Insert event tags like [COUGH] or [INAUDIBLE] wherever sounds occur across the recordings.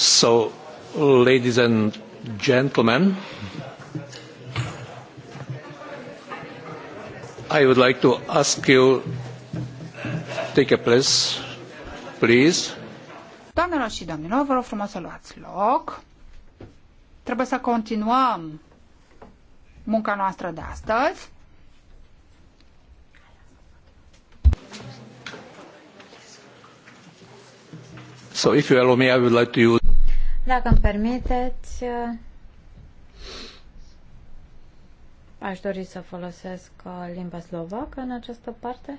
So, ladies and gentlemen, I would like to ask you take a place, please. Doamnelor și domnilor, vă rog frumos să luați loc. Trebuie să continuăm munca noastră de astăzi. So if you allow me, I would like to use dacă îmi permiteți, uh, aș dori să folosesc uh, limba slovacă în această parte.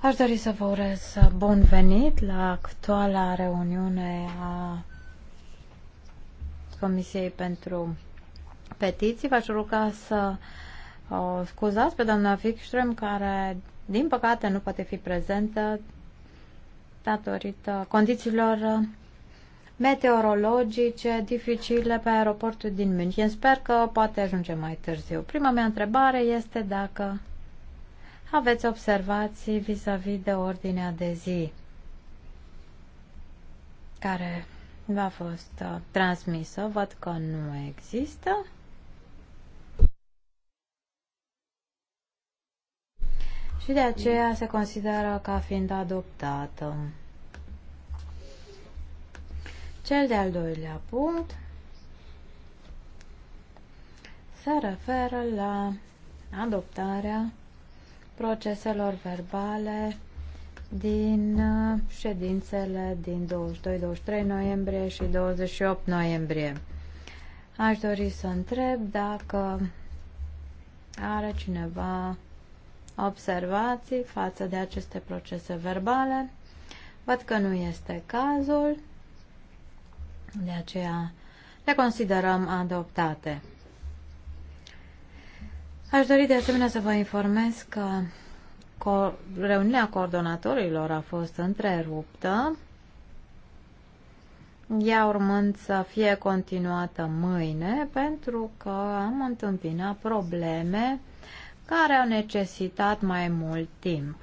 Aș dori să vă urez uh, bun venit la actuala reuniune a Comisiei pentru Petiții. V-aș ruga să uh, scuzați pe doamna Fickström, care, din păcate, nu poate fi prezentă datorită condițiilor meteorologice dificile pe aeroportul din München. Sper că poate ajunge mai târziu. Prima mea întrebare este dacă aveți observații vis-a-vis -vis de ordinea de zi care a fost uh, transmisă. Văd că nu există. Și de aceea se consideră ca fiind adoptată. Cel de-al doilea punct se referă la adoptarea proceselor verbale din uh, ședințele din 22-23 noiembrie și 28 noiembrie. Aș dori să întreb dacă are cineva observații față de aceste procese verbale. Văd că nu este cazul, de aceea le considerăm adoptate. Aș dori de asemenea să vă informez că co- reuniunea coordonatorilor a fost întreruptă, ea urmând să fie continuată mâine, pentru că am întâmpinat probleme care au necesitat mai mult timp.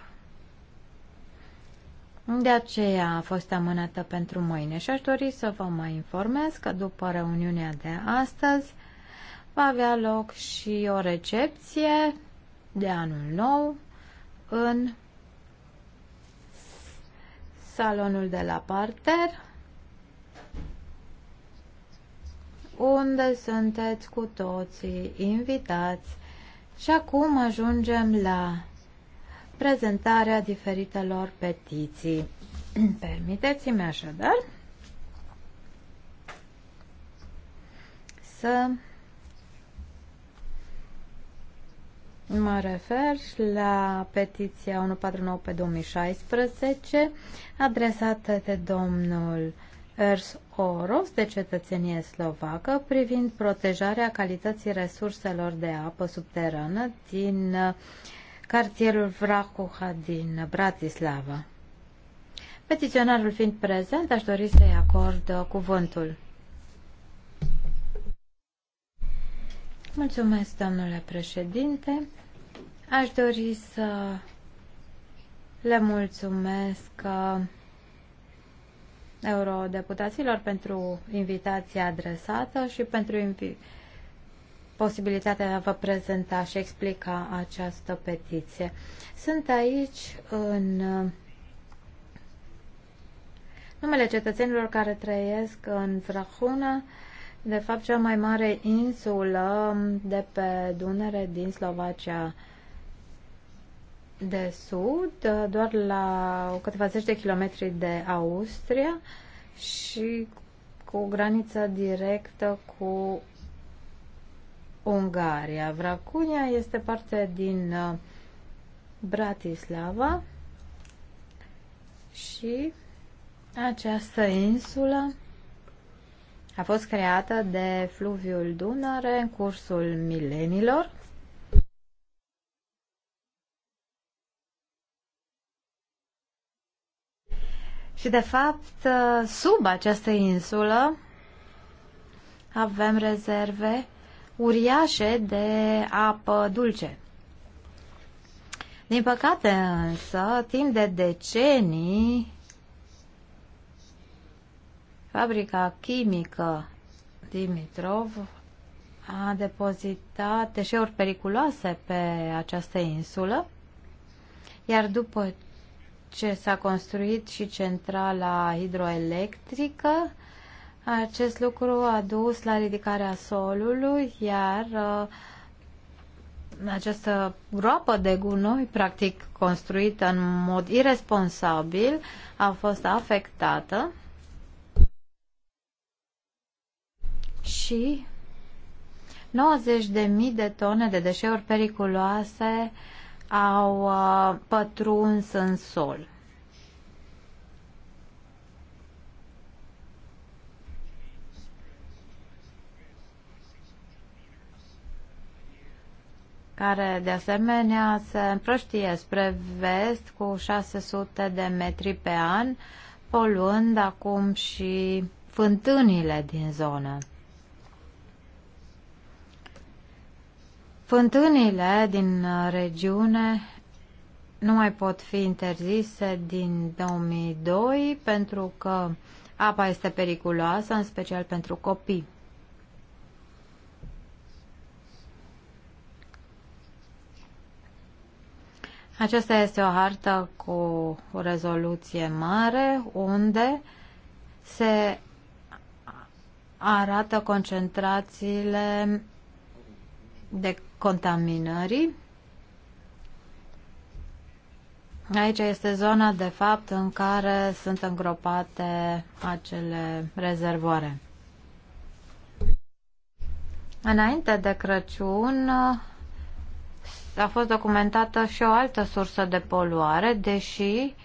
De aceea a fost amânată pentru mâine și aș dori să vă mai informez că după reuniunea de astăzi va avea loc și o recepție de anul nou în salonul de la parter, unde sunteți cu toții invitați. Și acum ajungem la prezentarea diferitelor petiții. [CLEARS THROAT] Permiteți-mi așadar să Mă refer la petiția 149 pe 2016 adresată de domnul Ers Oros de cetățenie slovacă privind protejarea calității resurselor de apă subterană din uh, cartierul Vracuha din Bratislava. Petiționarul fiind prezent, aș dori să-i acord uh, cuvântul. Mulțumesc, domnule președinte. Aș dori să le mulțumesc uh, eurodeputaților pentru invitația adresată și pentru invi- posibilitatea de a vă prezenta și explica această petiție. Sunt aici în uh, numele cetățenilor care trăiesc în Vrahuna, de fapt cea mai mare insulă de pe Dunăre din Slovacia de sud, doar la câteva zeci de kilometri de Austria și cu o graniță directă cu Ungaria. Vracunia este parte din uh, Bratislava și această insulă a fost creată de fluviul Dunăre în cursul milenilor. Și, de fapt, sub această insulă avem rezerve uriașe de apă dulce. Din păcate însă, timp de decenii, Fabrica chimică Dimitrov a depozitat deșeuri periculoase pe această insulă, iar după ce s-a construit și centrala hidroelectrică, acest lucru a dus la ridicarea solului, iar uh, această groapă de gunoi, practic construită în mod irresponsabil, a fost afectată și 90.000 de tone de deșeuri periculoase au uh, pătruns în sol. care de asemenea se împrăștie spre vest cu 600 de metri pe an, poluând acum și fântânile din zonă. Fântânile din uh, regiune nu mai pot fi interzise din 2002 pentru că apa este periculoasă, în special pentru copii. Aceasta este o hartă cu o rezoluție mare unde se arată concentrațiile de contaminării. Aici este zona, de fapt, în care sunt îngropate acele rezervoare. Înainte de Crăciun a fost documentată și o altă sursă de poluare, deși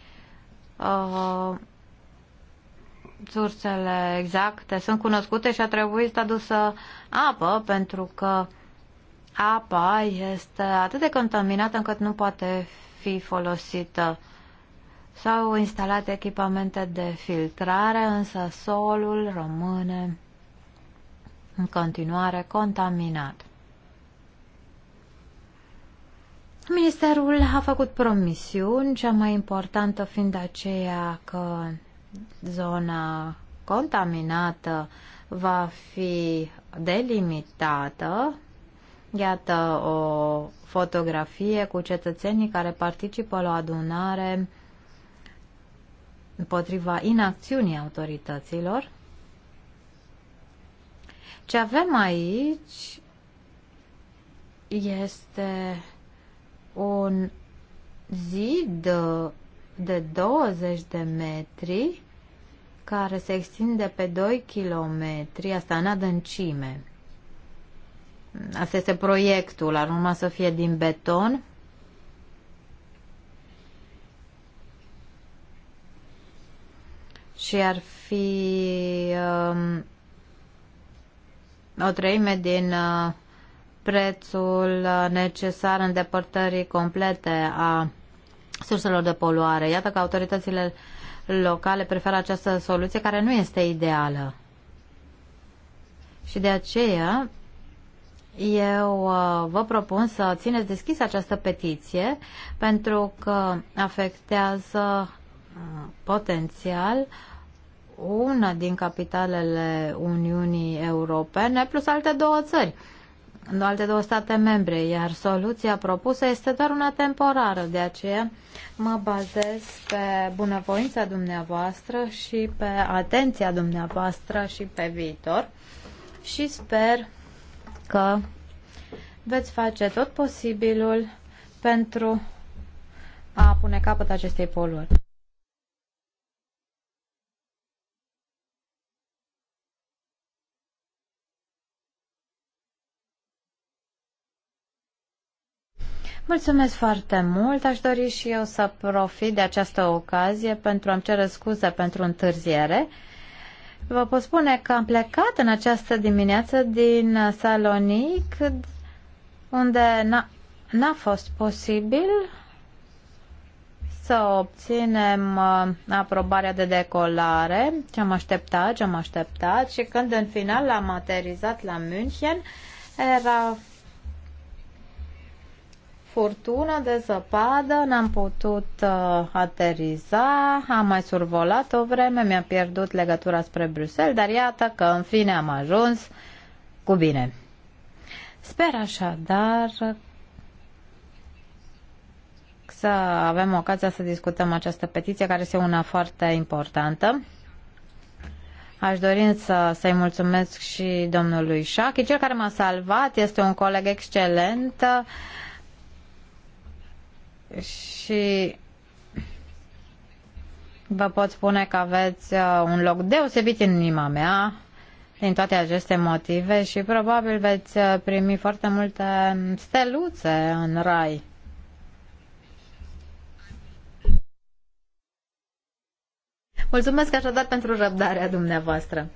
uh, sursele exacte sunt cunoscute și a trebuit adusă apă pentru că uh, apa este atât de contaminată încât nu poate fi folosită. S-au instalat echipamente de filtrare, însă solul rămâne în continuare contaminat. Ministerul a făcut promisiuni, cea mai importantă fiind aceea că zona contaminată va fi delimitată Iată o fotografie cu cetățenii care participă la o adunare împotriva inacțiunii autorităților. Ce avem aici este un zid de 20 de metri care se extinde pe 2 km, asta în adâncime. Asta este proiectul, ar urma să fie din beton. Și ar fi um, o treime din uh, prețul uh, necesar îndepărtării complete a surselor de poluare. Iată că autoritățile locale preferă această soluție care nu este ideală. Și de aceea eu uh, vă propun să țineți deschis această petiție pentru că afectează uh, potențial una din capitalele Uniunii Europene plus alte două țări alte două state membre, iar soluția propusă este doar una temporară. De aceea mă bazez pe bunăvoința dumneavoastră și pe atenția dumneavoastră și pe viitor și sper că veți face tot posibilul pentru a pune capăt acestei poluri. Mulțumesc foarte mult. Aș dori și eu să profit de această ocazie pentru a-mi cere scuze pentru întârziere. Vă pot spune că am plecat în această dimineață din Salonic, unde n-a fost posibil să obținem uh, aprobarea de decolare, ce am așteptat, ce am așteptat și când în final am aterizat la München, era furtună de zăpadă, n-am putut uh, ateriza, am mai survolat o vreme, mi-a pierdut legătura spre Bruxelles, dar iată că în fine am ajuns cu bine. Sper așadar să avem ocazia să discutăm această petiție, care este una foarte importantă. Aș dori să, să-i mulțumesc și domnului Șachi. Cel care m-a salvat este un coleg excelent și vă pot spune că aveți uh, un loc deosebit în inima mea din toate aceste motive și probabil veți uh, primi foarte multe steluțe în rai. Mulțumesc așadar pentru răbdarea dumneavoastră.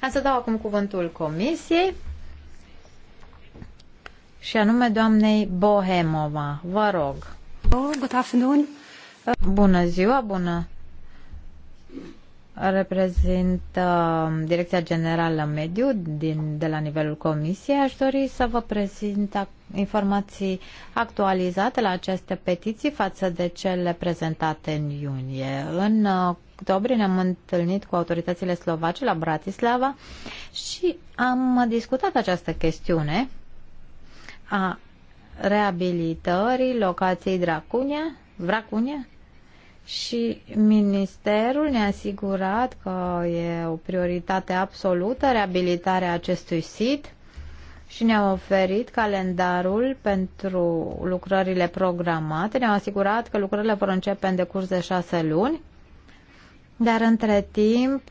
Am să dau acum cuvântul comisiei și anume doamnei Bohemova. Vă rog. Good afternoon. Bună ziua, bună. Reprezint uh, Direcția Generală Mediu din, de la nivelul Comisiei. Aș dori să vă prezint ac- informații actualizate la aceste petiții față de cele prezentate în iunie. În uh, octombrie ne-am întâlnit cu autoritățile slovace la Bratislava și am discutat această chestiune a reabilitării locației Dracunia, Vracunia și ministerul ne-a asigurat că e o prioritate absolută reabilitarea acestui sit și ne-a oferit calendarul pentru lucrările programate. Ne-au asigurat că lucrările vor începe în decurs de șase luni, dar între timp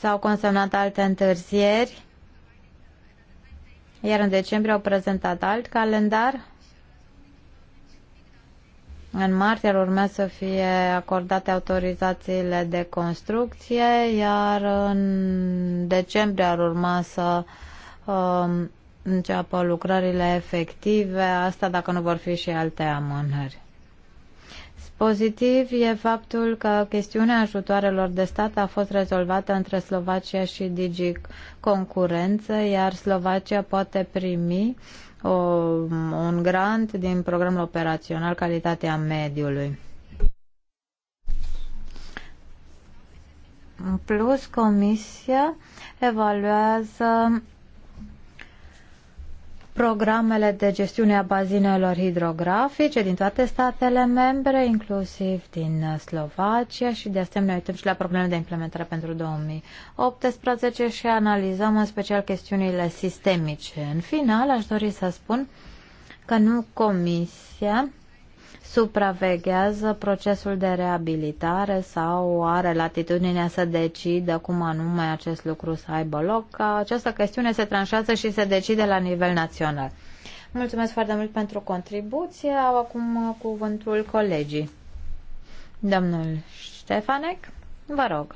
s-au consemnat alte întârzieri iar în decembrie au prezentat alt calendar. În martie ar urma să fie acordate autorizațiile de construcție, iar în decembrie ar urma să um, înceapă lucrările efective, asta dacă nu vor fi și alte amânări. Pozitiv e faptul că chestiunea ajutoarelor de stat a fost rezolvată între Slovacia și Digi Concurență, iar Slovacia poate primi o, un grant din programul operațional Calitatea Mediului. În plus, Comisia evaluează programele de gestiune a bazinelor hidrografice din toate statele membre, inclusiv din uh, Slovacia și de asemenea uităm și la problemele de implementare pentru 2018 și analizăm în special chestiunile sistemice. În final, aș dori să spun că nu Comisia supraveghează procesul de reabilitare sau are latitudinea să decidă cum anume acest lucru să aibă loc. Această chestiune se tranșează și se decide la nivel național. Mulțumesc foarte mult pentru contribuție. Au acum cuvântul colegii. Domnul Ștefanec, vă rog.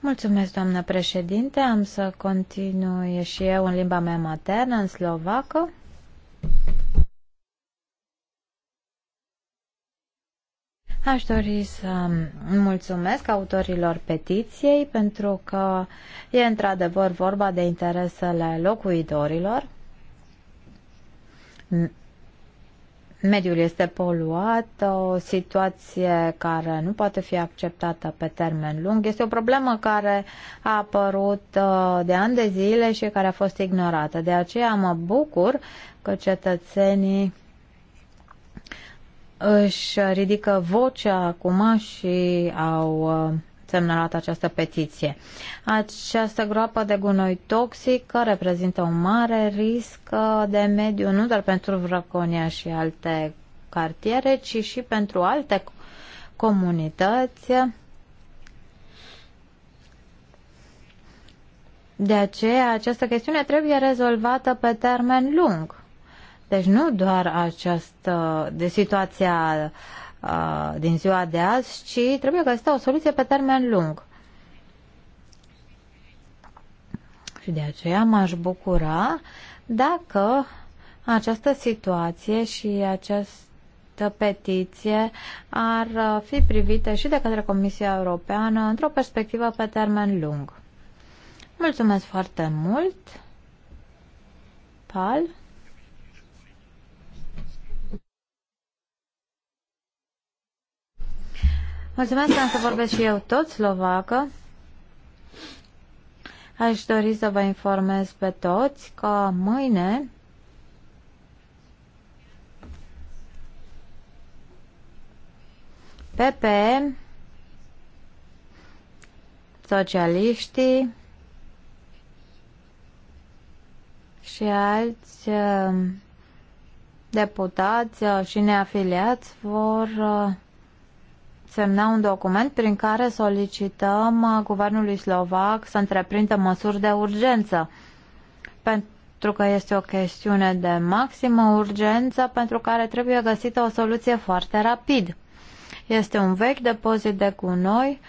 Mulțumesc, doamnă președinte. Am să continui și eu în limba mea maternă, în slovacă. Aș dori să mulțumesc autorilor petiției pentru că e într-adevăr vorba de interesele locuitorilor. Mediul este poluat, o situație care nu poate fi acceptată pe termen lung. Este o problemă care a apărut uh, de ani de zile și care a fost ignorată. De aceea mă bucur că cetățenii își ridică vocea acum și au uh, semnalat această petiție. Această groapă de gunoi toxic reprezintă un mare risc uh, de mediu, nu doar pentru Vrăconia și alte cartiere, ci și pentru alte comunități. De aceea, această chestiune trebuie rezolvată pe termen lung. Deci nu doar această de situația din ziua de azi, ci trebuie găsită o soluție pe termen lung. Și de aceea m-aș bucura dacă această situație și această petiție ar fi privite și de către Comisia Europeană într-o perspectivă pe termen lung. Mulțumesc foarte mult! Pal? Mulțumesc că am să vorbesc și eu tot slovacă. Aș dori să vă informez pe toți că mâine PP, socialiștii și alți uh, deputați uh, și neafiliați vor uh, semna un document prin care solicităm uh, guvernului slovac să întreprindă măsuri de urgență, pentru că este o chestiune de maximă urgență pentru care trebuie găsită o soluție foarte rapid. Este un vechi depozit de gunoi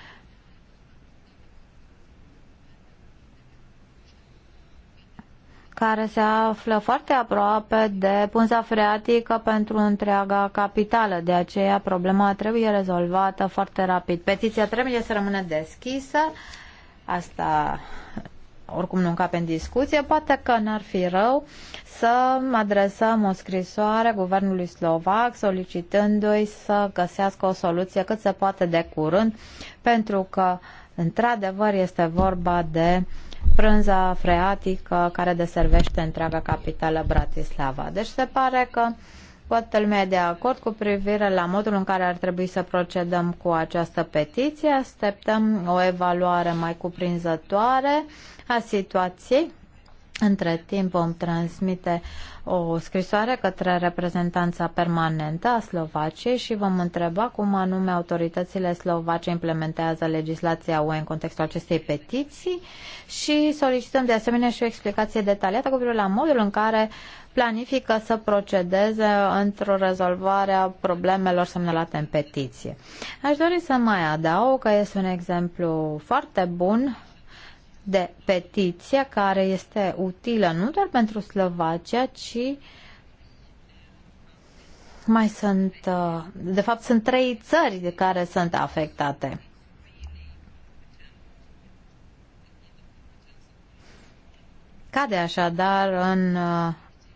care se află foarte aproape de punza freatică pentru întreaga capitală. De aceea problema trebuie rezolvată foarte rapid. Petiția trebuie să rămână deschisă. Asta oricum nu încape în discuție. Poate că n-ar fi rău să adresăm o scrisoare guvernului slovac solicitându-i să găsească o soluție cât se poate de curând pentru că într-adevăr este vorba de prânza freatică care deservește întreaga capitală Bratislava. Deci se pare că toată lumea de acord cu privire la modul în care ar trebui să procedăm cu această petiție. Așteptăm o evaluare mai cuprinzătoare a situației între timp vom transmite o scrisoare către reprezentanța permanentă a Slovaciei și vom întreba cum anume autoritățile slovace implementează legislația UE în contextul acestei petiții și solicităm de asemenea și o explicație detaliată cu privire la modul în care planifică să procedeze într-o rezolvare a problemelor semnalate în petiție. Aș dori să mai adaug că este un exemplu foarte bun de petiție care este utilă nu doar pentru Slovacia, ci mai sunt, uh, de fapt sunt trei țări de care sunt afectate. Cade așadar în uh,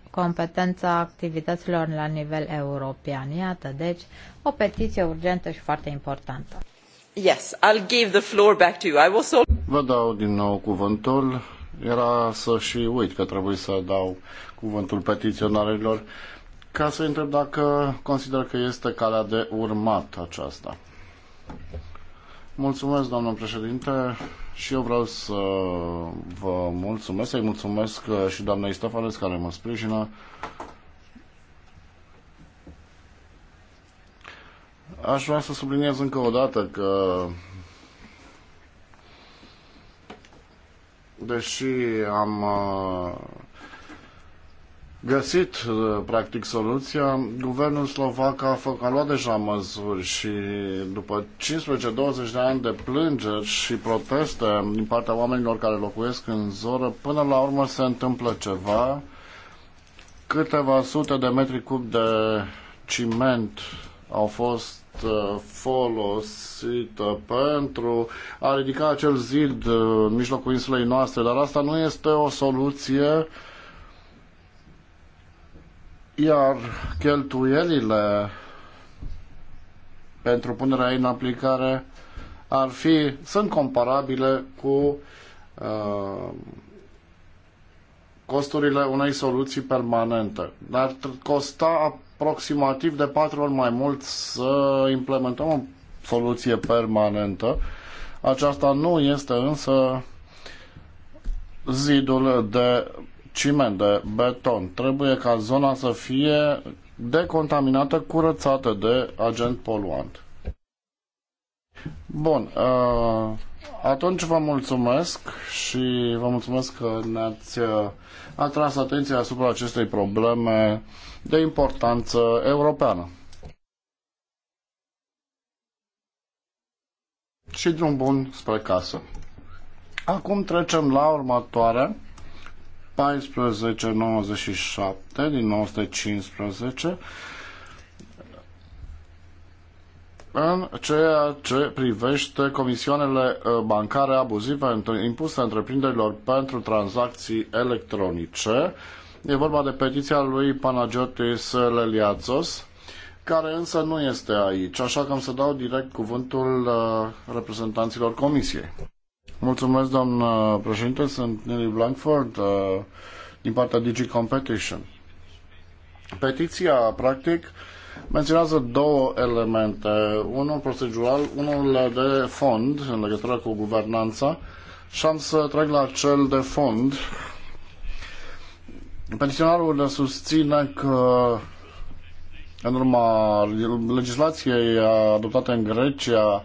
competența activităților la nivel european. Iată, deci, o petiție urgentă și foarte importantă. Vă dau din nou cuvântul. Era să și uit că trebuie să dau cuvântul petiționarilor ca să întreb dacă consider că este calea de urmat aceasta. Mulțumesc, domnul președinte, și eu vreau să vă mulțumesc, să-i mulțumesc și doamnei Stefanes care mă sprijină Aș vrea să subliniez încă o dată că deși am uh, găsit uh, practic soluția, guvernul slovac a, făcut a luat deja măsuri și după 15-20 de ani de plângeri și proteste din partea oamenilor care locuiesc în zoră, până la urmă se întâmplă ceva. Câteva sute de metri cub de ciment au fost Uh, folosită pentru a ridica acel zid uh, în mijlocul insulei noastre, dar asta nu este o soluție iar cheltuielile pentru punerea în aplicare ar fi, sunt comparabile cu uh, costurile unei soluții permanente. Dar costa aproximativ de patru ori mai mult să implementăm o soluție permanentă. Aceasta nu este însă zidul de ciment, de beton. Trebuie ca zona să fie decontaminată, curățată de agent poluant. Bun, uh, atunci vă mulțumesc și vă mulțumesc că ne-ați uh, atras atenția asupra acestei probleme de importanță europeană. Și drum bun spre casă. Acum trecem la următoarea, 1497 din 1915, în ceea ce privește comisioanele uh, bancare abuzive impuse întreprinderilor pentru tranzacții electronice. E vorba de petiția lui Panagiotis Leliatsos, care însă nu este aici, așa că am să dau direct cuvântul uh, reprezentanților comisiei. Mulțumesc, doamnă președinte, sunt Nelly Blankford uh, din partea Digi Competition. Petiția, practic, menționează două elemente, unul procedural, unul de fond, în legătură cu guvernanța, și am să trag la cel de fond, Petiționarul susține că în urma legislației adoptate în Grecia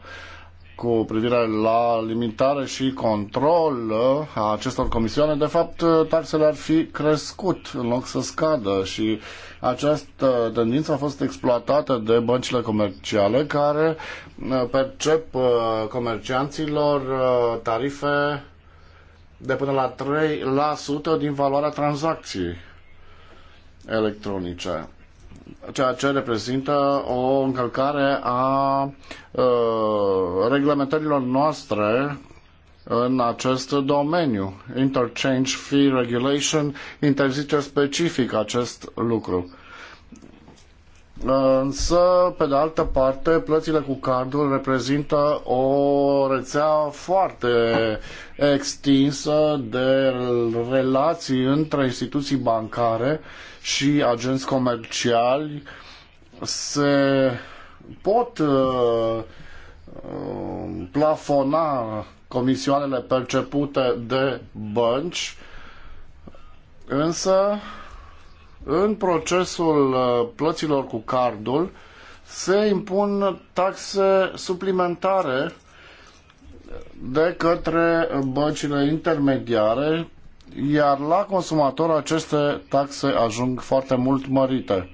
cu privire la limitare și control a acestor comisioane, de fapt taxele ar fi crescut în loc să scadă și această tendință a fost exploatată de băncile comerciale care uh, percep uh, comercianților uh, tarife de până la 3% din valoarea tranzacției electronice, ceea ce reprezintă o încălcare a uh, reglementărilor noastre în acest domeniu. Interchange Fee Regulation interzice specific acest lucru. Însă, pe de altă parte, plățile cu cardul reprezintă o rețea foarte extinsă de relații între instituții bancare și agenți comerciali. Se pot uh, uh, plafona comisioanele percepute de bănci, însă în procesul uh, plăților cu cardul se impun taxe suplimentare de către băncile intermediare, iar la consumator aceste taxe ajung foarte mult mărite.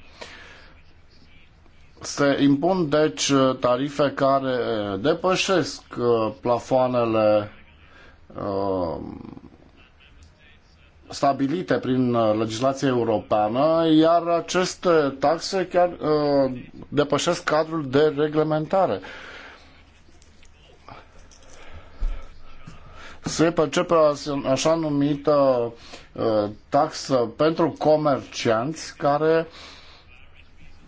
Se impun deci tarife care depășesc uh, plafoanele uh, stabilite prin uh, legislația europeană, iar aceste taxe chiar uh, depășesc cadrul de reglementare. Se percepe așa numită uh, taxă pentru comercianți care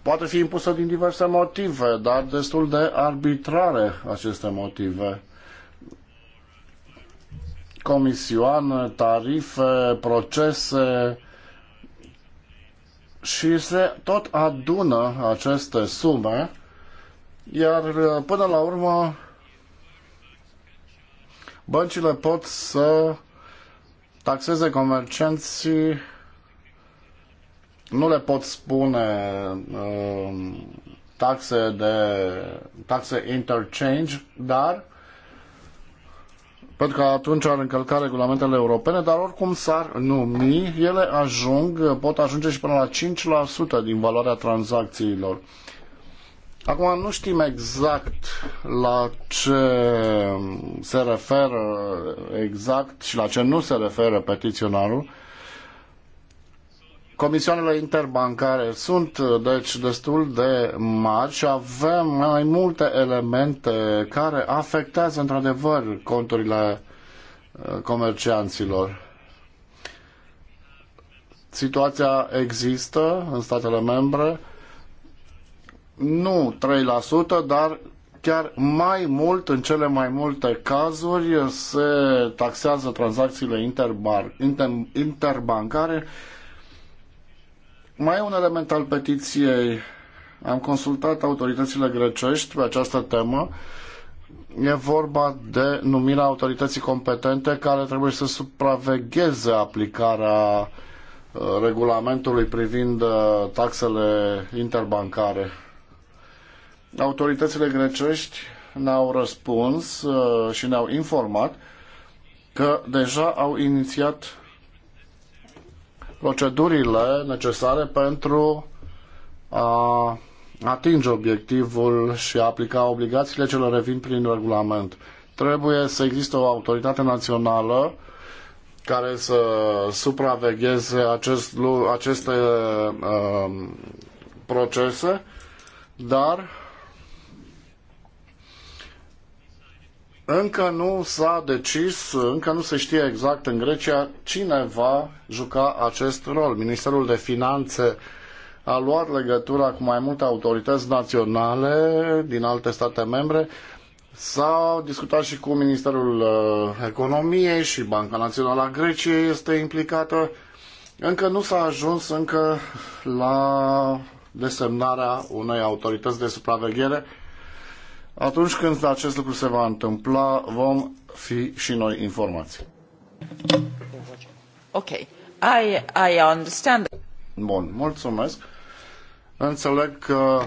poate fi impusă din diverse motive, dar destul de arbitrare aceste motive comisioane, tarife, procese și se tot adună aceste sume, iar până la urmă băncile pot să taxeze comercianții nu le pot spune um, taxe de taxe interchange, dar pentru că atunci ar încălca regulamentele europene, dar oricum s-ar numi, ele ajung, pot ajunge și până la 5% din valoarea tranzacțiilor. Acum nu știm exact la ce se referă exact și la ce nu se referă petiționarul, Comisioanele interbancare sunt deci destul de mari și avem mai multe elemente care afectează într-adevăr conturile uh, comercianților. Situația există în statele membre, nu 3%, dar chiar mai mult, în cele mai multe cazuri, se taxează tranzacțiile interbar, inter, interbancare mai e un element al petiției. Am consultat autoritățile grecești pe această temă. E vorba de numirea autorității competente care trebuie să supravegheze aplicarea uh, regulamentului privind uh, taxele interbancare. Autoritățile grecești ne-au răspuns uh, și ne-au informat că deja au inițiat procedurile necesare pentru a atinge obiectivul și a aplica obligațiile ce le revin prin regulament. Trebuie să existe o autoritate națională care să supravegheze acest, aceste uh, procese, dar Încă nu s-a decis, încă nu se știe exact în Grecia cine va juca acest rol. Ministerul de Finanțe a luat legătura cu mai multe autorități naționale din alte state membre. S-a discutat și cu Ministerul uh, Economiei și Banca Națională a Greciei este implicată. Încă nu s-a ajuns încă la desemnarea unei autorități de supraveghere atunci când acest lucru se va întâmpla, vom fi și noi informați. Ok. I, I understand. Bun, mulțumesc. Înțeleg că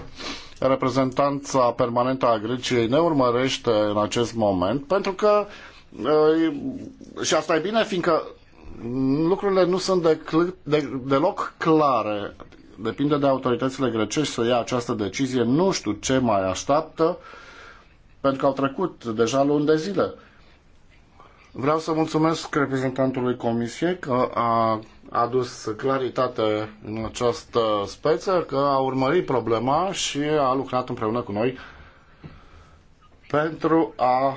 reprezentanța permanentă a Greciei ne urmărește în acest moment, pentru că, uh, și asta e bine, fiindcă lucrurile nu sunt de, deloc clare. Depinde de autoritățile grecești să ia această decizie. Nu știu ce mai așteaptă pentru că au trecut deja luni de zile. Vreau să mulțumesc reprezentantului Comisiei că a adus claritate în această speță, că a urmărit problema și a lucrat împreună cu noi pentru a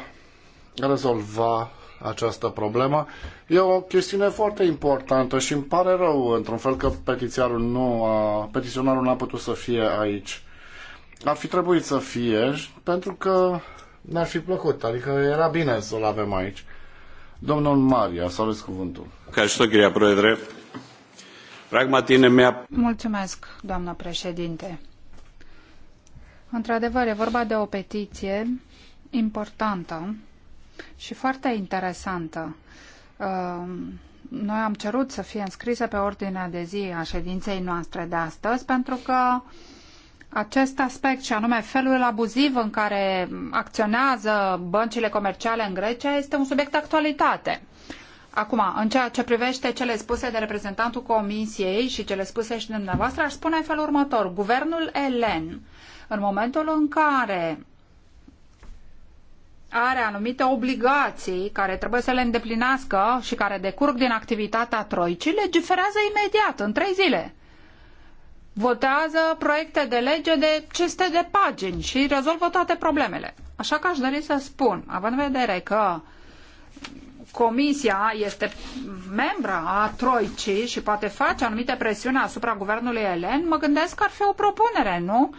rezolva această problemă. E o chestiune foarte importantă și îmi pare rău, într-un fel, că petiționarul nu a, petiționarul n-a putut să fie aici ar fi trebuit să fie pentru că ne-ar fi plăcut, adică era bine să-l avem aici. Domnul Maria, să aveți cuvântul. Ca și grea, proedre. Pragmatine mea. Mulțumesc, doamnă președinte. Într-adevăr, e vorba de o petiție importantă și foarte interesantă. Ehm, noi am cerut să fie înscrisă pe ordinea de zi a ședinței noastre de astăzi pentru că acest aspect și anume felul abuziv în care acționează băncile comerciale în Grecia este un subiect de actualitate. Acum, în ceea ce privește cele spuse de reprezentantul Comisiei și cele spuse și dumneavoastră, aș spune în felul următor. Guvernul elen, în momentul în care are anumite obligații care trebuie să le îndeplinească și care decurg din activitatea Troicii, legiferează imediat, în trei zile votează proiecte de lege de 500 de pagini și rezolvă toate problemele. Așa că aș dori să spun, având în vedere că Comisia este membra a Troicii și poate face anumite presiuni asupra guvernului elen, mă gândesc că ar fi o propunere, nu?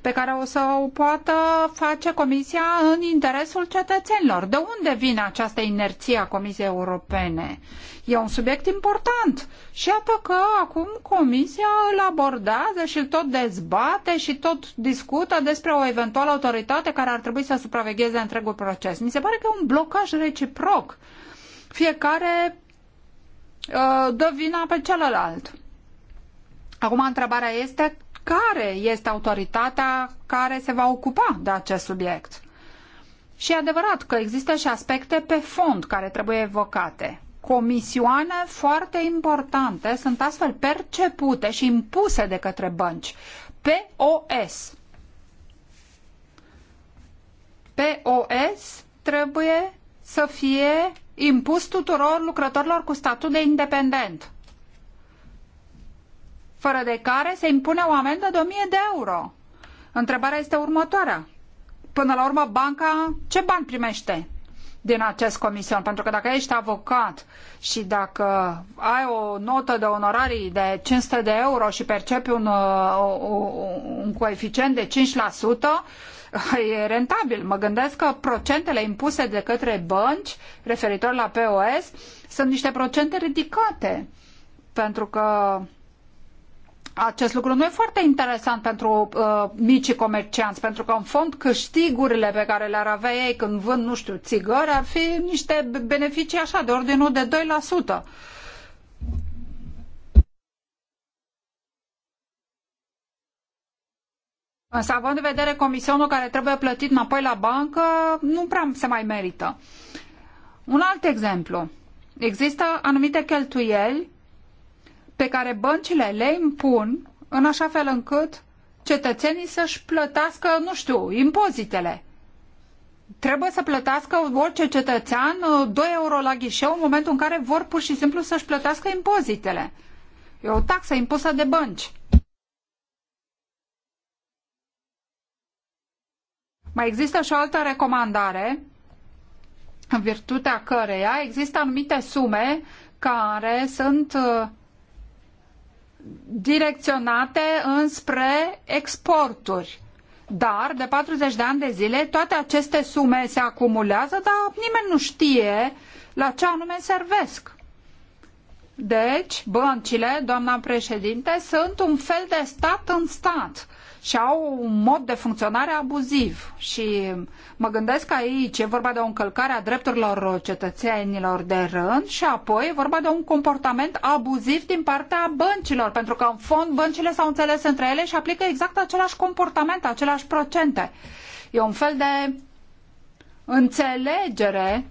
Pe care o să o poată face Comisia în interesul cetățenilor. De unde vine această inerție a Comisiei Europene? E un subiect important. Și iată că acum Comisia îl abordează și tot dezbate și tot discută despre o eventuală autoritate care ar trebui să supravegheze întregul proces. Mi se pare că e un blocaj reciproc fiecare uh, dă vina pe celălalt. Acum întrebarea este care este autoritatea care se va ocupa de acest subiect. Și e adevărat că există și aspecte pe fond care trebuie evocate. Comisioane foarte importante sunt astfel percepute și impuse de către bănci. POS. POS trebuie să fie impus tuturor lucrătorilor cu statut de independent, fără de care se impune o amendă de 1000 de euro. Întrebarea este următoarea. Până la urmă, banca ce bani primește? din acest comision. Pentru că dacă ești avocat și dacă ai o notă de onorarii de 500 de euro și percepi un, uh, un coeficient de 5%, [LAUGHS] e rentabil. Mă gândesc că procentele impuse de către bănci referitor la POS sunt niște procente ridicate. Pentru că acest lucru nu e foarte interesant pentru uh, micii comercianți, pentru că în fond câștigurile pe care le-ar avea ei când vând, nu știu, țigări, ar fi niște beneficii așa, de ordinul de 2%. Însă, având în vedere comisionul care trebuie plătit înapoi la bancă, nu prea se mai merită. Un alt exemplu. Există anumite cheltuieli pe care băncile le impun în așa fel încât cetățenii să-și plătească, nu știu, impozitele. Trebuie să plătească orice cetățean 2 uh, euro la ghișeu în momentul în care vor pur și simplu să-și plătească impozitele. E o taxă impusă de bănci. Mai există și o altă recomandare în virtutea căreia există anumite sume care sunt uh, direcționate înspre exporturi. Dar, de 40 de ani de zile, toate aceste sume se acumulează, dar nimeni nu știe la ce anume servesc. Deci, băncile, doamna președinte, sunt un fel de stat în stat și au un mod de funcționare abuziv. Și mă gândesc aici, e vorba de o încălcare a drepturilor cetățenilor de rând și apoi e vorba de un comportament abuziv din partea băncilor, pentru că în fond băncile s-au înțeles între ele și aplică exact același comportament, aceleași procente. E un fel de înțelegere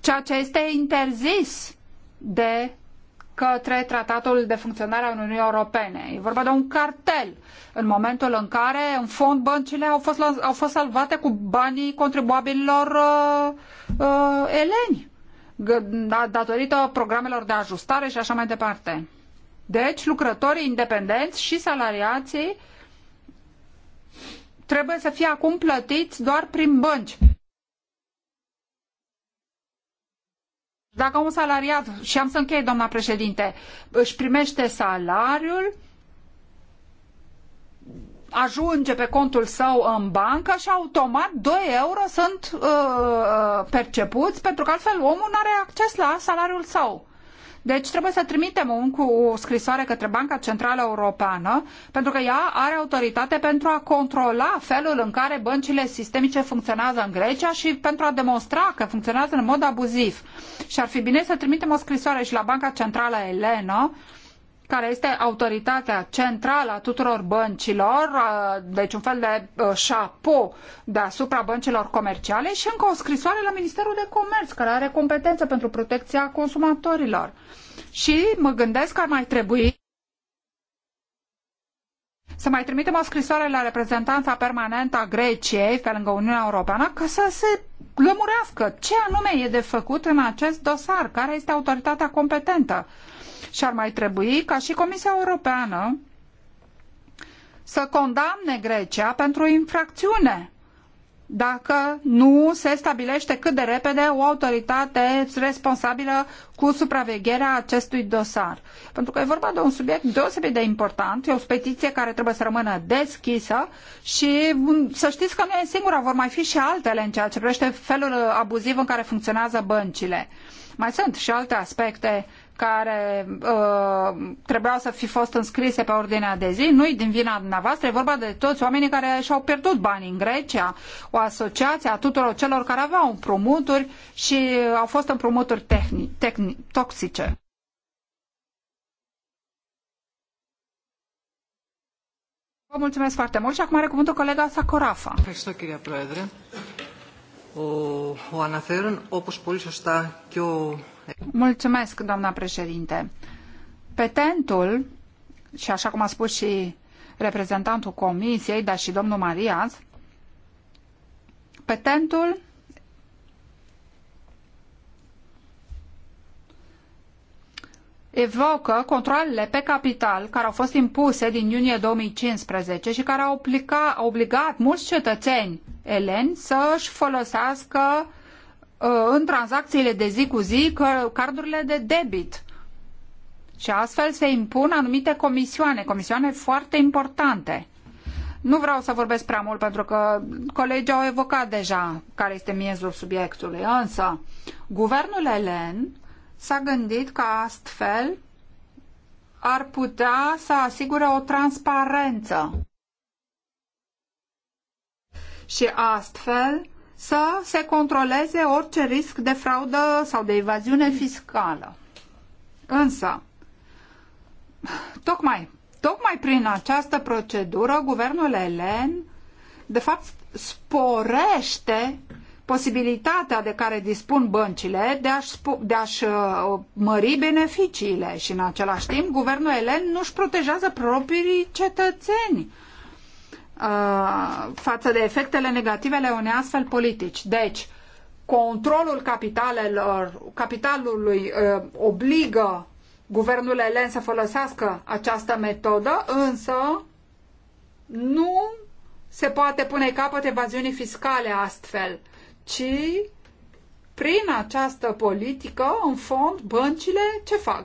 ceea ce este interzis de către Tratatul de Funcționare a Uniunii Europene. E vorba de un cartel în momentul în care, în fond, băncile au fost, au fost salvate cu banii contribuabililor uh, uh, eleni, da, datorită programelor de ajustare și așa mai departe. Deci, lucrătorii independenți și salariații trebuie să fie acum plătiți doar prin bănci. Dacă un salariat, și am să închei, doamna președinte, își primește salariul, ajunge pe contul său în bancă și automat 2 euro sunt uh, uh, percepuți pentru că altfel omul nu are acces la salariul său. Deci trebuie să trimitem un, cu o scrisoare către Banca Centrală Europeană, pentru că ea are autoritate pentru a controla felul în care băncile sistemice funcționează în Grecia și pentru a demonstra că funcționează în mod abuziv. Și ar fi bine să trimitem o scrisoare și la Banca Centrală Elenă, care este autoritatea centrală a tuturor băncilor, deci un fel de șapo deasupra băncilor comerciale și încă o scrisoare la Ministerul de Comerț, care are competență pentru protecția consumatorilor. Și mă gândesc că ar mai trebui să mai trimitem o scrisoare la reprezentanța permanentă a Greciei, pe lângă Uniunea Europeană, ca să se lămurească ce anume e de făcut în acest dosar, care este autoritatea competentă. Și ar mai trebui ca și Comisia Europeană să condamne Grecia pentru o infracțiune dacă nu se stabilește cât de repede o autoritate responsabilă cu supravegherea acestui dosar. Pentru că e vorba de un subiect deosebit de important, e o petiție care trebuie să rămână deschisă și să știți că nu e singura, vor mai fi și altele în ceea ce privește felul abuziv în care funcționează băncile. Mai sunt și alte aspecte care uh, trebuiau să fi fost înscrise pe ordinea de zi, nu-i din vina dumneavoastră, e vorba de toți oamenii care și-au pierdut bani în Grecia, o asociație a tuturor celor care aveau împrumuturi și au fost împrumuturi tehni, tehni, toxice. Vă mulțumesc foarte mult și acum are cuvântul colega Sacorafa. Mulțumesc, o, o Ο, όπως πολύ σωστά και ο Mulțumesc, doamna președinte. Petentul, și așa cum a spus și reprezentantul comisiei, dar și domnul Marias, petentul evocă controlele pe capital care au fost impuse din iunie 2015 și care au obligat mulți cetățeni eleni să-și folosească Uh, în tranzacțiile de zi cu zi cardurile de debit. Și astfel se impun anumite comisioane, comisioane foarte importante. Nu vreau să vorbesc prea mult pentru că colegii au evocat deja care este miezul subiectului, însă guvernul elen s-a gândit că astfel ar putea să asigure o transparență. Și astfel să se controleze orice risc de fraudă sau de evaziune fiscală. Însă, tocmai, tocmai prin această procedură, guvernul elen, de fapt, sporește posibilitatea de care dispun băncile de a-și, de a uh, mări beneficiile și în același timp guvernul elen nu-și protejează proprii cetățeni Uh, față de efectele negative ale unei astfel politici. Deci, controlul capitalelor, capitalului uh, obligă guvernul elen să folosească această metodă, însă nu se poate pune capăt evaziunii fiscale astfel, ci prin această politică, în fond, băncile ce fac?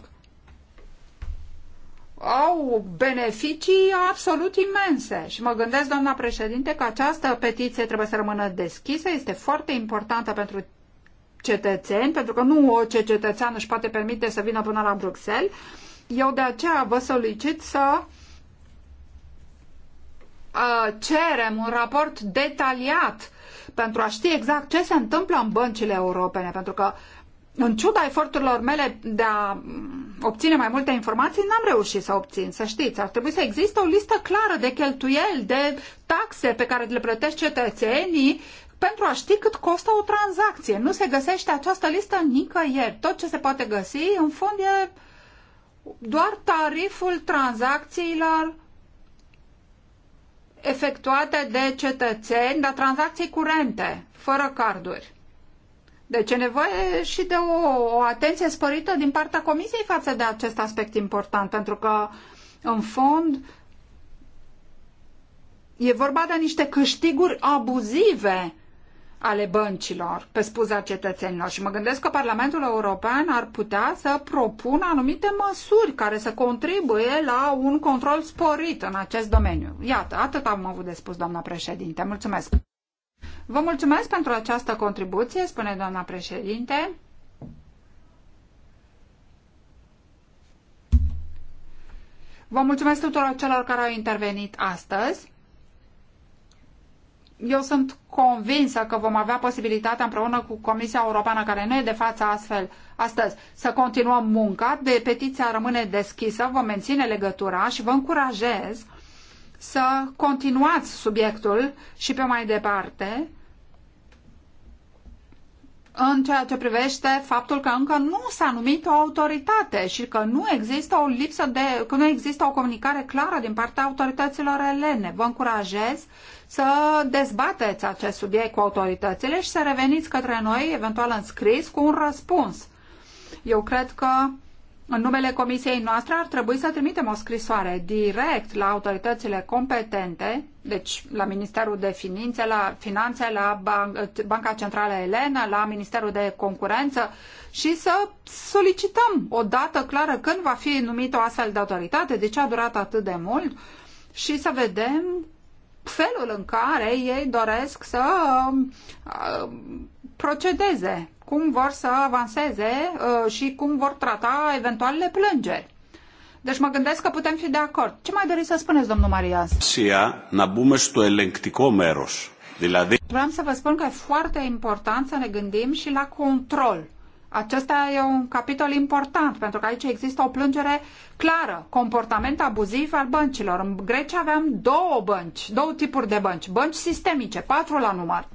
au beneficii absolut imense. Și mă gândesc, doamna președinte, că această petiție trebuie să rămână deschisă, este foarte importantă pentru cetățeni, pentru că nu orice cetățean își poate permite să vină până la Bruxelles. Eu de aceea vă solicit să cerem un raport detaliat pentru a ști exact ce se întâmplă în băncile europene, pentru că în ciuda eforturilor mele de a obține mai multe informații, n-am reușit să obțin, să știți. Ar trebui să existe o listă clară de cheltuieli, de taxe pe care le plătesc cetățenii pentru a ști cât costă o tranzacție. Nu se găsește această listă nicăieri. Tot ce se poate găsi, în fond, e doar tariful tranzacțiilor efectuate de cetățeni, dar tranzacții curente, fără carduri. Deci e nevoie și de o, o atenție sporită din partea Comisiei față de acest aspect important, pentru că, în fond, e vorba de niște câștiguri abuzive ale băncilor pe spuza cetățenilor și mă gândesc că Parlamentul European ar putea să propună anumite măsuri care să contribuie la un control sporit în acest domeniu. Iată, atât am avut de spus, doamna președinte. Mulțumesc! Vă mulțumesc pentru această contribuție, spune doamna președinte. Vă mulțumesc tuturor celor care au intervenit astăzi. Eu sunt convinsă că vom avea posibilitatea împreună cu Comisia Europeană, care nu e de față astfel astăzi, să continuăm munca. De petiția rămâne deschisă, vom menține legătura și vă încurajez să continuați subiectul și pe mai departe în ceea ce privește faptul că încă nu s-a numit o autoritate și că nu există o lipsă de, că nu există o comunicare clară din partea autorităților elene. Vă încurajez să dezbateți acest subiect cu autoritățile și să reveniți către noi, eventual în scris, cu un răspuns. Eu cred că în numele comisiei noastre ar trebui să trimitem o scrisoare direct la autoritățile competente, deci la Ministerul de Finanțe, la, Finanțe, la Ban- Banca Centrală Elena, la Ministerul de Concurență și să solicităm o dată clară când va fi numită o astfel de autoritate, de ce a durat atât de mult și să vedem felul în care ei doresc să uh, procedeze cum vor să avanseze uh, și cum vor trata eventualele plângeri. Deci mă gândesc că putem fi de acord. Ce mai doriți să spuneți, domnul Marias? Sia, na bume sto elenctico meros. Vreau să vă spun că e foarte important să ne gândim și la control. Acesta e un capitol important, pentru că aici există o plângere clară. Comportament abuziv al băncilor. În Grecia aveam două bănci, două tipuri de bănci. Bănci sistemice, patru la număr.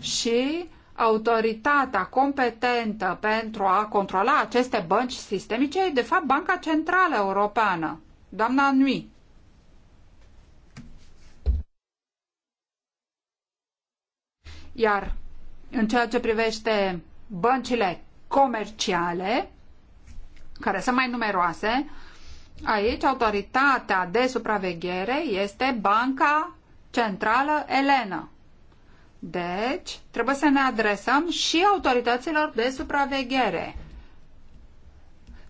Și autoritatea competentă pentru a controla aceste bănci sistemice e, de fapt, Banca Centrală Europeană, doamna Nui. Iar în ceea ce privește băncile comerciale, care sunt mai numeroase, aici autoritatea de supraveghere este Banca Centrală Elenă. Deci, trebuie să ne adresăm și autorităților de supraveghere.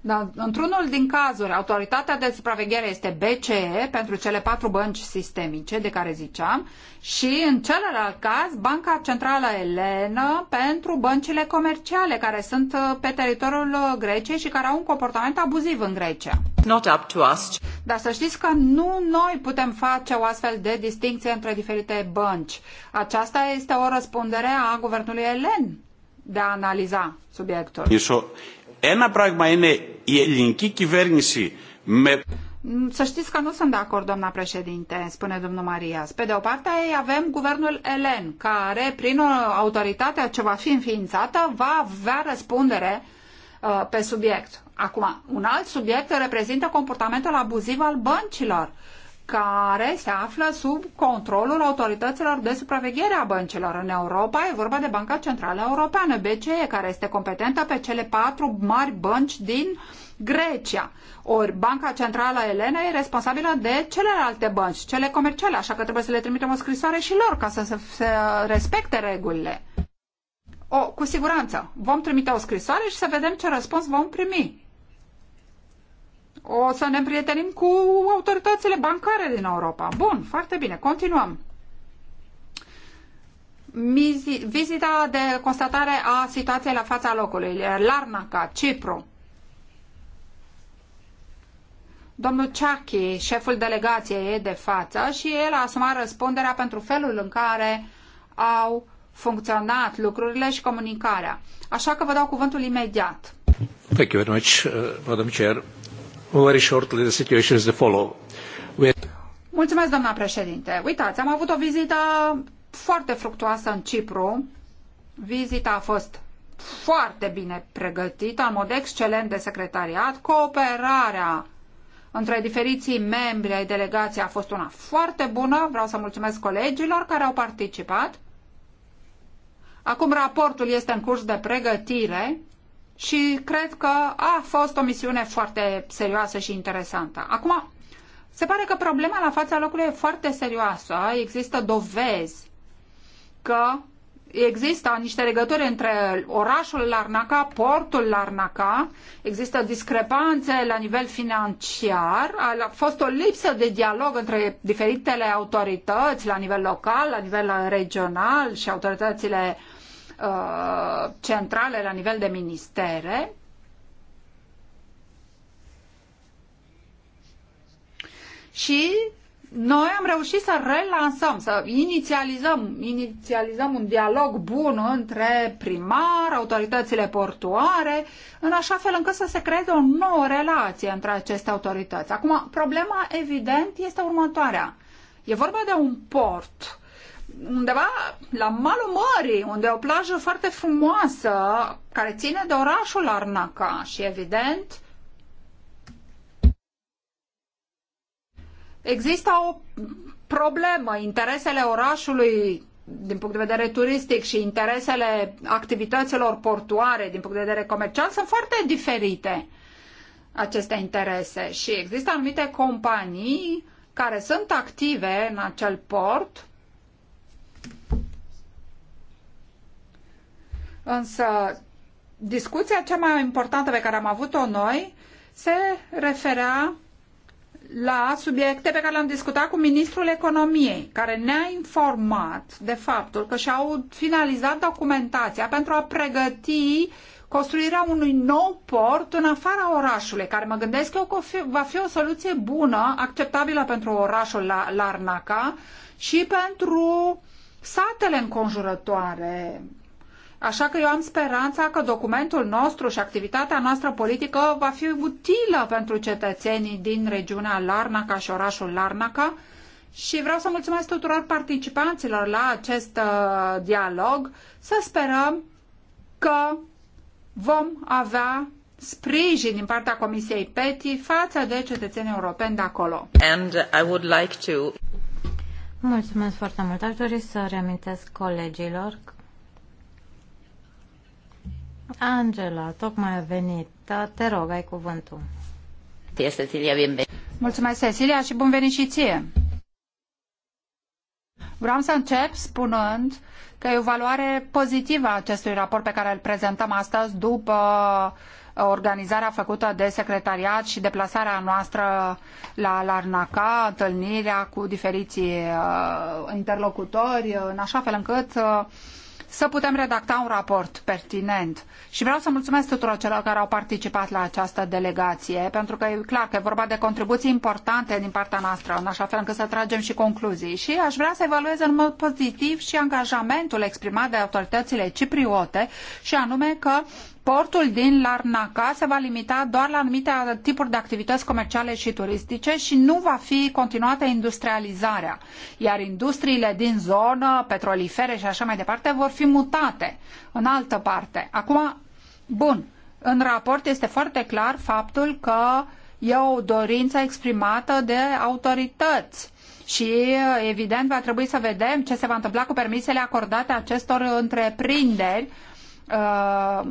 Dar într-unul din cazuri, autoritatea de supraveghere este BCE pentru cele patru bănci sistemice de care ziceam și în celălalt caz Banca Centrală Elenă pentru băncile comerciale care sunt uh, pe teritoriul uh, Greciei și care au un comportament abuziv în Grecia. Not up to us. Dar să știți că nu noi putem face o astfel de distinție între diferite bănci. Aceasta este o răspundere a guvernului Elen de a analiza subiectul. Ένα πράγμα είναι η ελληνική κυβέρνηση με... Să știți că nu sunt de acord, doamna președinte, spune domnul Marias. Pe de o parte ei avem guvernul elen, care prin autoritatea ce va fi înființată va avea răspundere uh, pe subiect. Acum, un alt subiect reprezintă comportamentul abuziv al băncilor. Uh, care se află sub controlul autorităților de supraveghere a băncilor în Europa. E vorba de Banca Centrală Europeană, BCE, care este competentă pe cele patru mari bănci din Grecia. Ori Banca Centrală Elena e responsabilă de celelalte bănci, cele comerciale, așa că trebuie să le trimitem o scrisoare și lor ca să se, se respecte regulile. O, cu siguranță, vom trimite o scrisoare și să vedem ce răspuns vom primi o să ne împrietenim cu autoritățile bancare din Europa. Bun, foarte bine, continuăm. Mizi, vizita de constatare a situației la fața locului, Larnaca, Cipru. Domnul Ciachi, șeful delegației, e de față și el a asumat răspunderea pentru felul în care au funcționat lucrurile și comunicarea. Așa că vă dau cuvântul imediat. Thank you very much, uh, Madam Chair. Mulțumesc, doamna președinte. Uitați, am avut o vizită foarte fructuoasă în Cipru. Vizita a fost foarte bine pregătită, în mod excelent de secretariat. Cooperarea între diferiții membri ai delegației a fost una foarte bună. Vreau să mulțumesc colegilor care au participat. Acum raportul este în curs de pregătire și cred că a fost o misiune foarte serioasă și interesantă. Acum, se pare că problema la fața locului e foarte serioasă. Există dovezi că există niște legături între orașul Larnaca, portul Larnaca, există discrepanțe la nivel financiar, a fost o lipsă de dialog între diferitele autorități la nivel local, la nivel regional și autoritățile uh, Uh, centrale la nivel de ministere, și noi am reușit să relansăm, să inițializăm, inițializăm un dialog bun între primar, autoritățile portuare, în așa fel încât să se creeze o nouă relație între aceste autorități. Acum, problema evident este următoarea. E vorba de un port undeva la malul mării, unde e o plajă foarte frumoasă, care ține de orașul Arnaca și evident există o problemă. Interesele orașului din punct de vedere turistic și interesele activităților portoare din punct de vedere comercial sunt foarte diferite aceste interese și există anumite companii care sunt active în acel port Însă discuția cea mai importantă pe care am avut-o noi se referea la subiecte pe care le-am discutat cu ministrul economiei, care ne-a informat de faptul că și-au finalizat documentația pentru a pregăti construirea unui nou port în afara orașului, care mă gândesc eu că va fi o soluție bună, acceptabilă pentru orașul Larnaca și pentru satele înconjurătoare, Așa că eu am speranța că documentul nostru și activitatea noastră politică va fi utilă pentru cetățenii din regiunea Larnaca și orașul Larnaca și vreau să mulțumesc tuturor participanților la acest uh, dialog. Să sperăm că vom avea sprijin din partea Comisiei PETI față de cetățenii europeni de acolo. And I would like to... Mulțumesc foarte mult. Aș dori să reamintesc colegilor Angela, tocmai a venit. Da, te rog, ai cuvântul. Este Cecilia, bine. Mulțumesc, Cecilia, și bun venit și ție. Vreau să încep spunând că e o valoare pozitivă a acestui raport pe care îl prezentăm astăzi după uh, organizarea făcută de secretariat și deplasarea noastră la Larnaca, întâlnirea cu diferiți uh, interlocutori, în așa fel încât uh, să putem redacta un raport pertinent. Și vreau să mulțumesc tuturor celor care au participat la această delegație, pentru că e clar că e vorba de contribuții importante din partea noastră, în așa fel încât să tragem și concluzii. Și aș vrea să evaluez în mod pozitiv și angajamentul exprimat de autoritățile cipriote, și anume că portul din Larnaca se va limita doar la anumite tipuri de activități comerciale și turistice și nu va fi continuată industrializarea, iar industriile din zonă, petrolifere și așa mai departe, vor fi mutate în altă parte. Acum, bun, în raport este foarte clar faptul că e o dorință exprimată de autorități și evident va trebui să vedem ce se va întâmpla cu permisele acordate acestor întreprinderi Uh,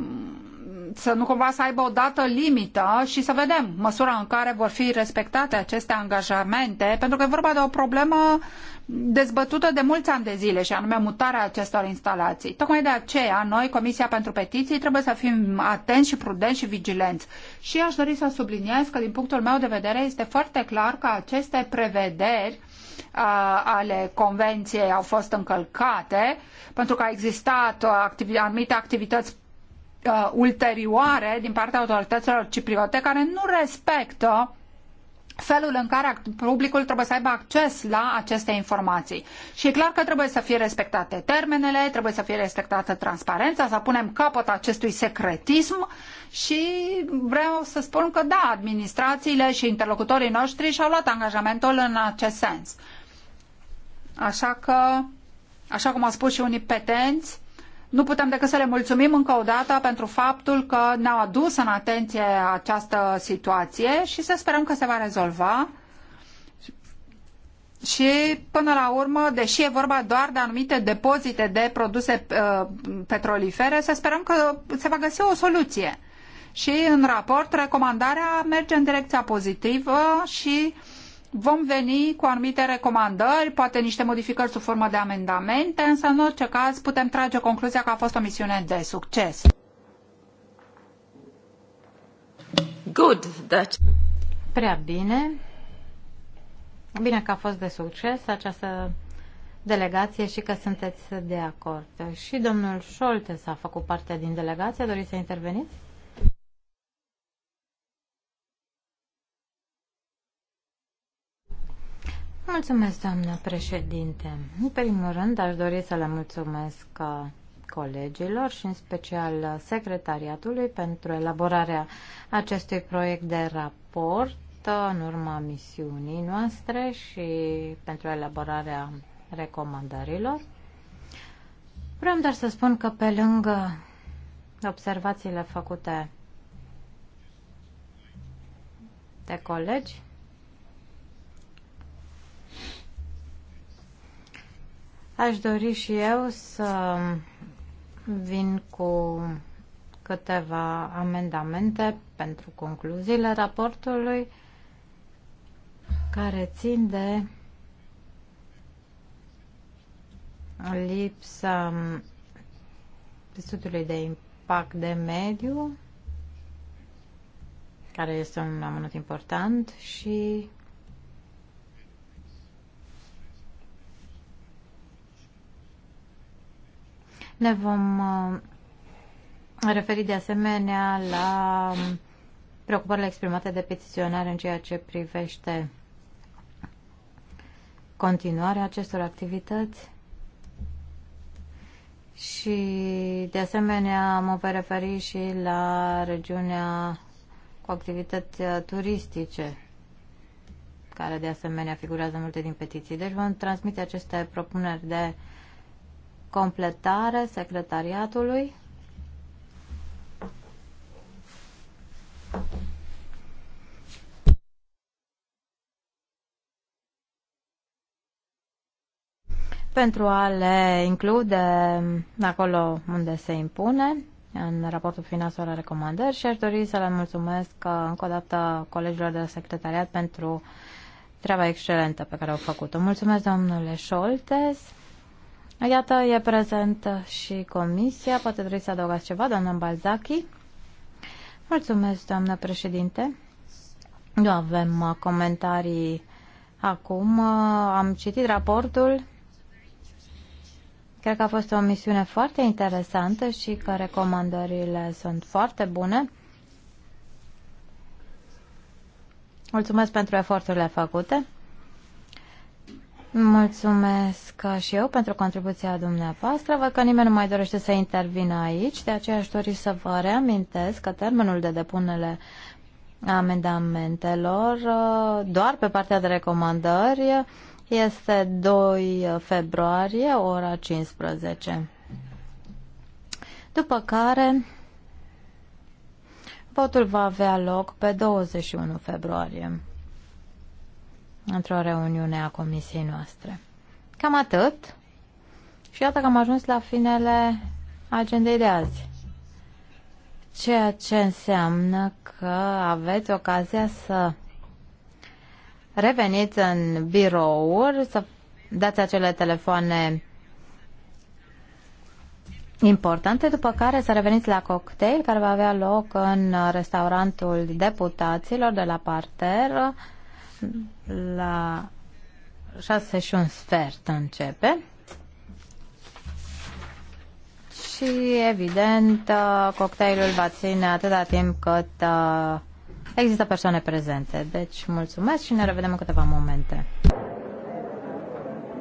să nu cumva să aibă o dată limită și să vedem măsura în care vor fi respectate aceste angajamente, pentru că e vorba de o problemă dezbătută de mulți ani de zile și anume mutarea acestor instalații. Tocmai de aceea, noi, Comisia pentru Petiții, trebuie să fim atenți și prudenți și vigilenți. Și aș dori să subliniez că, din punctul meu de vedere, este foarte clar că aceste prevederi ale convenției au fost încălcate, pentru că a existat activi anumite activități ulterioare din partea autorităților cipriote care nu respectă felul în care publicul trebuie să aibă acces la aceste informații. Și e clar că trebuie să fie respectate termenele, trebuie să fie respectată transparența, să punem capăt acestui secretism și vreau să spun că da, administrațiile și interlocutorii noștri și-au luat angajamentul în acest sens. Așa că, așa cum au spus și unii petenți, nu putem decât să le mulțumim încă o dată pentru faptul că ne-au adus în atenție această situație și să sperăm că se va rezolva. Și până la urmă, deși e vorba doar de anumite depozite de produse uh, petrolifere, să sperăm că se va găsi o soluție. Și în raport, recomandarea merge în direcția pozitivă și uh, vom veni cu anumite recomandări, poate niște modificări sub formă de amendamente, însă în orice caz putem trage concluzia că a fost o misiune de succes. Good, that... Prea bine. Bine că a fost de succes această delegație și că sunteți de acord. Și domnul Scholtes a făcut parte din delegație. Doriți să interveniți? Mulțumesc, doamnă președinte. În primul rând, aș dori să le mulțumesc uh, colegilor și în special uh, secretariatului pentru elaborarea acestui proiect de raport uh, în urma misiunii noastre și pentru elaborarea recomandărilor. Vreau doar să spun că pe lângă observațiile făcute de colegi, Aș dori și eu să vin cu câteva amendamente pentru concluziile raportului care țin de lipsa studiului de impact de mediu, care este un amănut important, și Ne vom uh, referi de asemenea la um, preocupările exprimate de petiționare în ceea ce privește continuarea acestor activități și de asemenea mă voi referi și la regiunea cu activități uh, turistice care de asemenea figurează multe din petiții. Deci vom transmite aceste propuneri de completare secretariatului. pentru a le include acolo unde se impune în raportul financiar la recomandări și aș dori să le mulțumesc uh, încă o dată colegilor de la secretariat pentru treaba excelentă pe care au făcut-o. Mulțumesc, domnule Scholtes. Iată, e prezentă și comisia. Poate doriți să adăugați ceva, doamnă Balzachi. Mulțumesc, doamnă președinte. Nu avem comentarii acum. Am citit raportul. Cred că a fost o misiune foarte interesantă și că recomandările sunt foarte bune. Mulțumesc pentru eforturile făcute. Mulțumesc și eu pentru contribuția dumneavoastră. Văd că nimeni nu mai dorește să intervină aici, de aceea aș dori să vă reamintesc că termenul de depunere a amendamentelor uh, doar pe partea de recomandări este 2 februarie, ora 15. După care votul va avea loc pe 21 februarie într-o reuniune a comisiei noastre. Cam atât. Și iată că am ajuns la finele agendei de azi. Ceea ce înseamnă că aveți ocazia să reveniți în birouri, să dați acele telefoane importante, după care să reveniți la cocktail care va avea loc în restaurantul deputaților de la parter la 6 și un sfert începe. Și, evident, uh, cocktailul va ține atâta timp cât uh, există persoane prezente. Deci, mulțumesc și ne revedem în câteva momente.